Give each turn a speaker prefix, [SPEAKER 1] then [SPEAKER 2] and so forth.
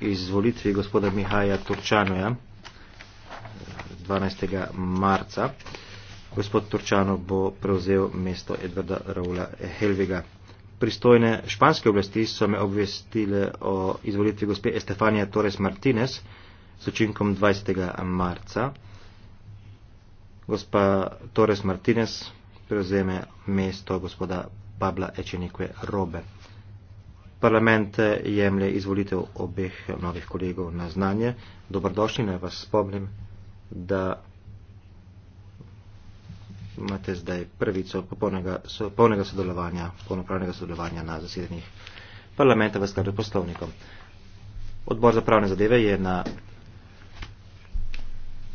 [SPEAKER 1] izvolitvi gospoda Mihaja Turčanoja 12. Eh, marca. Gospod Turčano bo prevzel mesto Edvarda Raula Helviga. Pristojne španske oblasti so me obvestile o izvolitvi gospe Estefania Torres Martinez s učinkom 20. marca. Gospa Torres Martinez prevzeme mesto gospoda Pabla Echenique Robe. Parlament jemlje izvolitev obeh novih kolegov na znanje. Dobrodošli, naj vas spomnim, da imate zdaj prvico popolnega, so, polnega sodelovanja, polnopravnega sodelovanja na zasedanjih parlamenta v skladu poslovnikom. Odbor za pravne zadeve je na